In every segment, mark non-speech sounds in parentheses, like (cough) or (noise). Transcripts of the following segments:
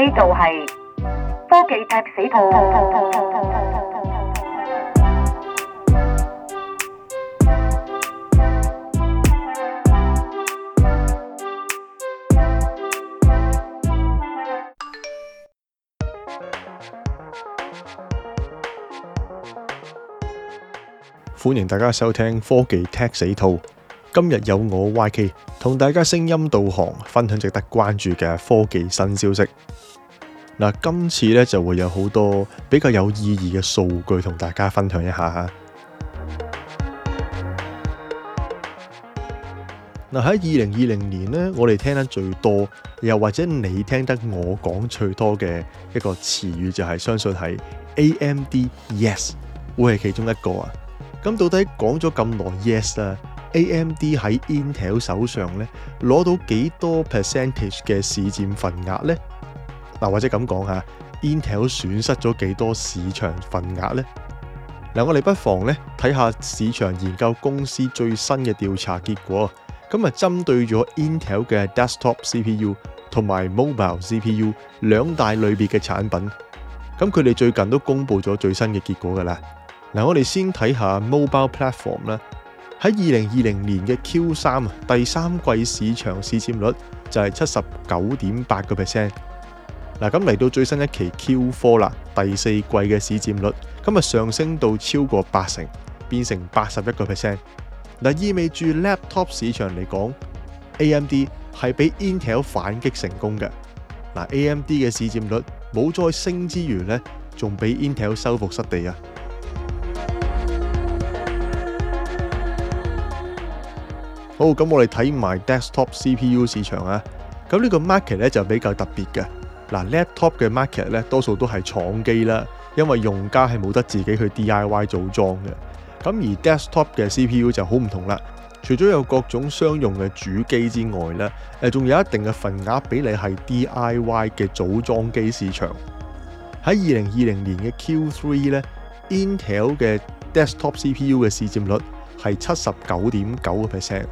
呢度係科技踢死套，歡迎大家收聽科技踢死套。今日有我 YK。同大家聲音導航，分享值得關注嘅科技新消息。嗱，今次咧就會有好多比較有意義嘅數據同大家分享一下吓。嗱，喺二零二零年咧，我哋聽得最多，又或者你聽得我講最多嘅一個詞語就係，相信係 AMD Yes 會係其中一個啊。咁到底講咗咁耐 Yes 咧？AMD 喺 Intel 手上咧，攞到幾多 percentage 嘅市佔份額呢？嗱，或者咁講吓，Intel 損失咗幾多市場份額呢？嗱，我哋不妨咧睇下市場研究公司最新嘅調查結果。咁啊，針對咗 Intel 嘅 desktop CPU 同埋 mobile CPU 兩大類別嘅產品，咁佢哋最近都公布咗最新嘅結果噶啦。嗱，我哋先睇下 mobile platform 啦。喺二零二零年嘅 Q 三啊，第三季市場市佔率就係七十九點八個 percent。嗱，咁嚟到最新一期 Q 四啦，第四季嘅市佔率今日上升到超過八成，變成八十一個 percent。嗱，意味住 laptop 市場嚟講，AMD 係俾 Intel 反擊成功嘅。嗱，AMD 嘅市佔率冇再升之餘呢，仲俾 Intel 收復失地啊！好，咁我哋睇埋 desktop CPU 市場啊。咁呢個 market 咧就比較特別嘅。嗱，laptop 嘅 market 咧多數都係廠機啦，因為用家係冇得自己去 DIY 組裝嘅。咁而 desktop 嘅 CPU 就好唔同啦。除咗有各種商用嘅主機之外咧，誒仲有一定嘅份額比例係 DIY 嘅組裝機市場。喺二零二零年嘅 Q3 咧，Intel 嘅 desktop CPU 嘅市佔率係七十九點九個 percent。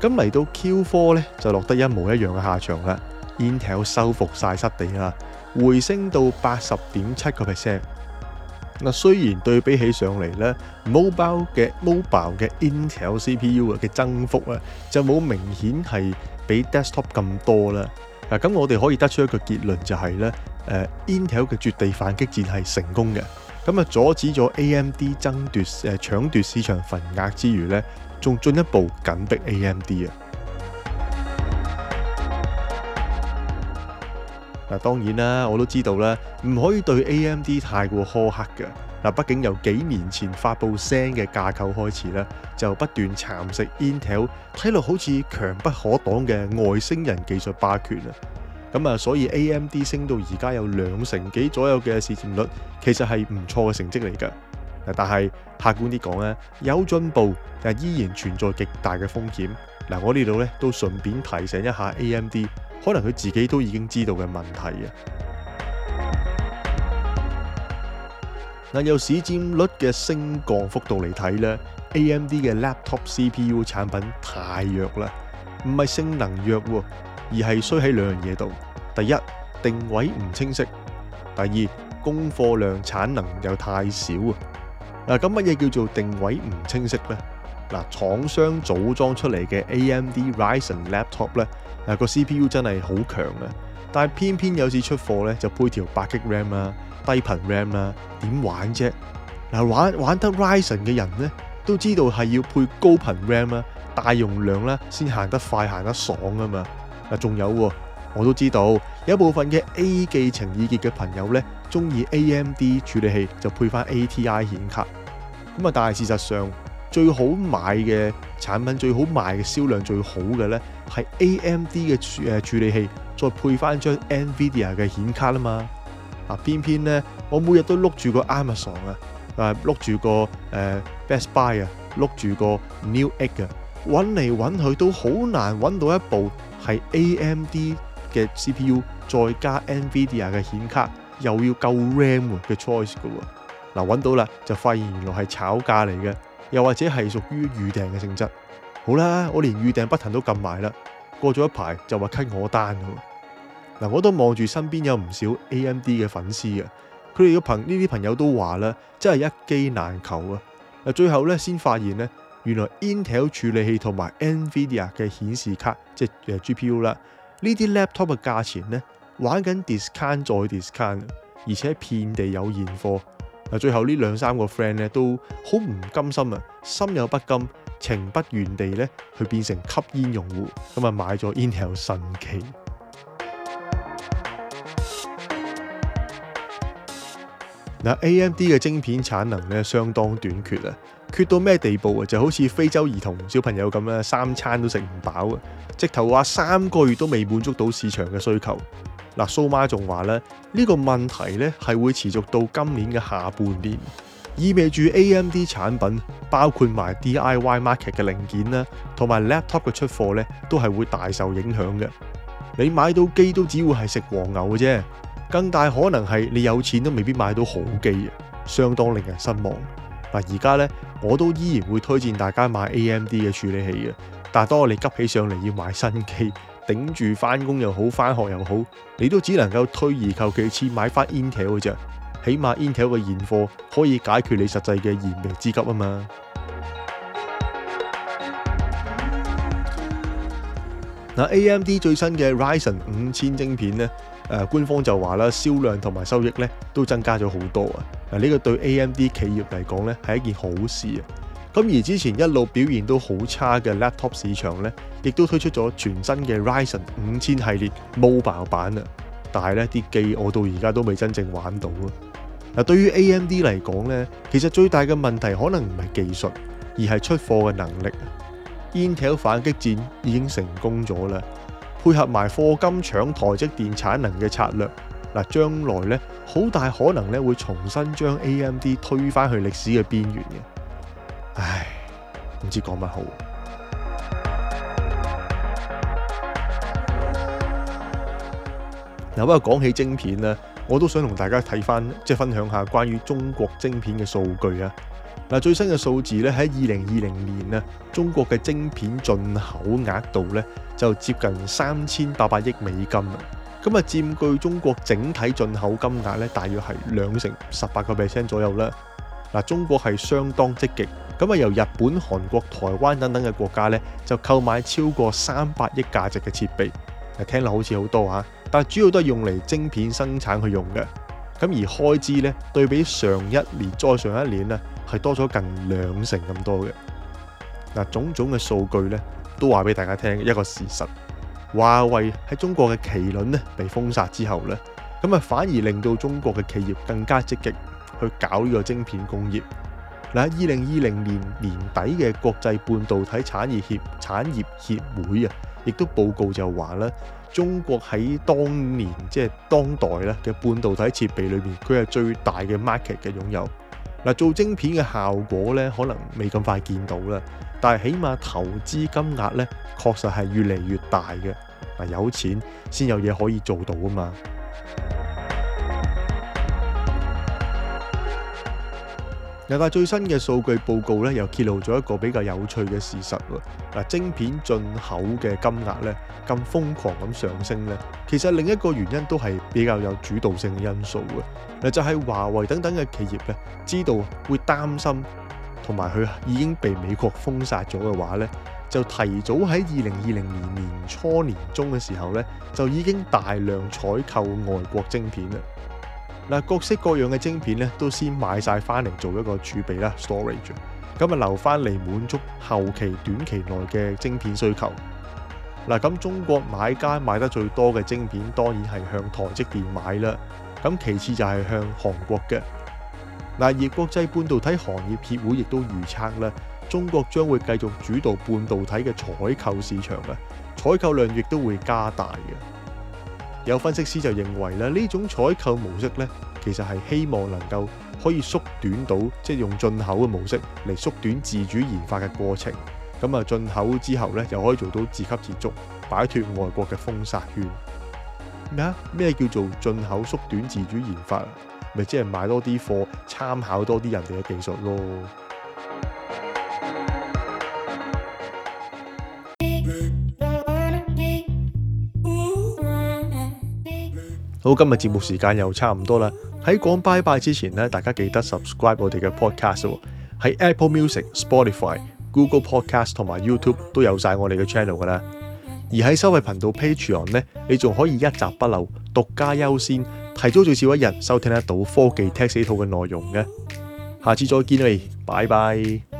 咁嚟到 Q4 咧，就落得一模一樣嘅下場啦。Intel 收復曬失地啦，回升到八十點七個 percent。嗱，雖然對比起上嚟咧，mobile 嘅 mobile 嘅 Intel CPU 嘅增幅咧就冇明顯係比 desktop 咁多啦。嗱，咁我哋可以得出一個結論就係咧，誒 Intel 嘅絕地反擊戰係成功嘅。咁啊，阻止咗 AMD 爭奪誒搶奪市場份額之餘呢，仲進一步緊逼 AMD 啊！嗱，當然啦，我都知道啦，唔可以對 AMD 太過苛刻嘅。嗱，畢竟由幾年前發布 Zen 嘅架構開始咧，就不斷蠶食 Intel，睇落好似強不可擋嘅外星人技術霸權啊！咁啊，所以 AMD 升到而家有兩成幾左右嘅市佔率，其實係唔錯嘅成績嚟㗎。但係客觀啲講咧，有進步，但依然存在極大嘅風險。嗱，我呢度咧都順便提醒一下 AMD，可能佢自己都已經知道嘅問題啊。嗱，由市佔率嘅升降幅度嚟睇咧，AMD 嘅 Laptop CPU 產品太弱啦。唔係性能弱，而係衰喺兩樣嘢度。第一定位唔清晰，第二供貨量產能又太少啊！嗱，咁乜嘢叫做定位唔清晰咧？嗱，廠商組裝出嚟嘅 AMD Ryzen Laptop 咧，嗱，個 CPU 真係好強啊，但係偏偏有時出貨咧就配條八 G RAM 啦、低頻 RAM 啦，點玩啫？嗱，玩玩得 Ryzen 嘅人咧？都知道係要配高頻 RAM 啦、啊、大容量啦、啊，先行得快、行得爽啊嘛！嗱，仲有喎、啊，我都知道有一部分嘅 A 記情意結嘅朋友呢，中意 AMD 處理器就配翻 ATI 顯卡。咁啊，但係事實上最好買嘅產品、最好賣嘅銷量最好嘅呢，係 AMD 嘅誒處理器再配翻張 NVIDIA 嘅顯卡啊嘛！嗱，偏偏呢，我每日都碌住個 Amazon 啊！誒碌、啊、住個誒、呃、Best Buy 啊碌住個 Newegg 嘅，揾嚟揾去都好難揾到一部係 AMD 嘅 CPU 再加 NVIDIA 嘅顯卡，又要夠 RAM 嘅 choice 嘅喎、啊。嗱、啊、揾到啦，就發現原來係炒價嚟嘅，又或者係屬於預訂嘅性質。好啦，我連預訂不停都撳埋啦。過咗一排就話 cut 我單喎。嗱、啊，我都望住身邊有唔少 AMD 嘅粉絲嘅。佢哋嘅朋呢啲朋友都話啦，真係一機難求啊！嗱，最後咧先發現咧，原來 Intel 處理器同埋 NVIDIA 嘅顯示卡，即係 GPU 啦，呢啲 laptop 嘅價錢咧，玩緊 discount 再 discount，而且遍地有現貨。嗱，最後呢兩三個 friend 咧都好唔甘心啊，心有不甘，情不願地咧去變成吸煙用戶，咁啊買咗 Intel 神機。啦，A.M.D 嘅晶片產能咧相當短缺，缺到咩地步啊？就好似非洲兒童小朋友咁啦，三餐都食唔飽啊！直頭話三個月都未滿足到市場嘅需求。嗱，蘇媽仲話咧，呢個問題咧係會持續到今年嘅下半年，意味住 A.M.D 產品包括埋 D.I.Y market 嘅零件啦，同埋 laptop 嘅出貨咧都係會大受影響嘅。你買到機都只會係食黃牛嘅啫。更大可能係你有錢都未必買到好機，相當令人失望。嗱，而家呢，我都依然會推薦大家買 AMD 嘅處理器嘅。但係當你急起上嚟要買新機，頂住返工又好，返學又好，你都只能夠推而求其次買返 Intel 嗰隻。起碼 Intel 嘅現貨可以解決你實際嘅燃眉之急啊嘛。嗱，AMD 最新嘅 Ryzen 五千晶片呢。誒、啊、官方就話啦，銷量同埋收益咧都增加咗好多啊！嗱、啊、呢、這個對 AMD 企業嚟講咧係一件好事啊！咁、啊、而之前一路表現都好差嘅 Laptop 市場咧，亦都推出咗全新嘅 Ryzen 五千系列 Mobile 版啦，但係咧啲機我到而家都未真正玩到啊！嗱，對於 AMD 嚟講咧，其實最大嘅問題可能唔係技術，而係出貨嘅能力啊！Intel 反擊戰已經成功咗啦！配合埋貨金搶台積電產能嘅策略，嗱，將來咧好大可能咧會重新將 AMD 推翻去歷史嘅邊緣嘅，唉，唔知講乜好。嗱， (music) 不過講起晶片咧，我都想同大家睇翻，即係分享一下關於中國晶片嘅數據啊。嗱，最新嘅數字咧喺二零二零年啊，中國嘅晶片進口額度咧就接近三千八百億美金啦，咁啊佔據中國整體進口金額咧大約係兩成十八個 percent 左右啦。嗱，中國係相當積極，咁啊由日本、韓國、台灣等等嘅國家咧就購買超過三百億價值嘅設備，嗱，聽落好似好多啊，但主要都係用嚟晶片生產去用嘅。咁而開支咧，對比上一年再上一年咧，係多咗近兩成咁多嘅。嗱，種種嘅數據咧，都話俾大家聽一個事實，華為喺中國嘅麒麟咧被封殺之後咧，咁啊反而令到中國嘅企業更加積極去搞呢個晶片工業。嗱，二零二零年年底嘅國際半導體產業協產業協會啊，亦都報告就話咧，中國喺當年即係當代咧嘅半導體設備裏面，佢係最大嘅 market 嘅擁有。嗱，做晶片嘅效果咧，可能未咁快見到啦，但係起碼投資金額咧，確實係越嚟越大嘅。嗱，有錢先有嘢可以做到啊嘛。世界最新嘅數據報告咧，又揭露咗一個比較有趣嘅事實喎。嗱，晶片進口嘅金額咧，咁瘋狂咁上升咧，其實另一個原因都係比較有主導性嘅因素嘅。嗱，就係華為等等嘅企業咧，知道會擔心，同埋佢已經被美國封殺咗嘅話咧，就提早喺二零二零年年初年中嘅時候咧，就已經大量採購外國晶片啦。嗱，各式各樣嘅晶片咧，都先買晒翻嚟做一個儲備啦，storage。咁啊，留翻嚟滿足後期短期內嘅晶片需求。嗱，咁中國買家買得最多嘅晶片，當然係向台積電買啦。咁其次就係向韓國嘅。嗱，而國際半導體行業協會亦都預測啦，中國將會繼續主導半導體嘅採購市場啊，採購量亦都會加大嘅。有分析師就認為啦，呢種採購模式呢其實係希望能夠可以縮短到，即係用進口嘅模式嚟縮短自主研發嘅過程。咁啊，進口之後呢就可以做到自給自足，擺脱外國嘅封殺圈。咩啊？咩叫做進口縮短自主研發？咪即係買多啲貨，參考多啲人哋嘅技術咯。好，今日節目時間又差唔多啦。喺講拜拜之前呢，大家記得 subscribe 我哋嘅 podcast 喎，喺 Apple Music、Spotify、Google Podcast 同埋 YouTube 都有晒我哋嘅 channel 㗎喇。而喺收費頻道 Patreon 呢，你仲可以一集不漏、獨家優先、提早最少一日收聽得到科技 Tech CTO 嘅內容嘅。下次再見啦，你，拜拜。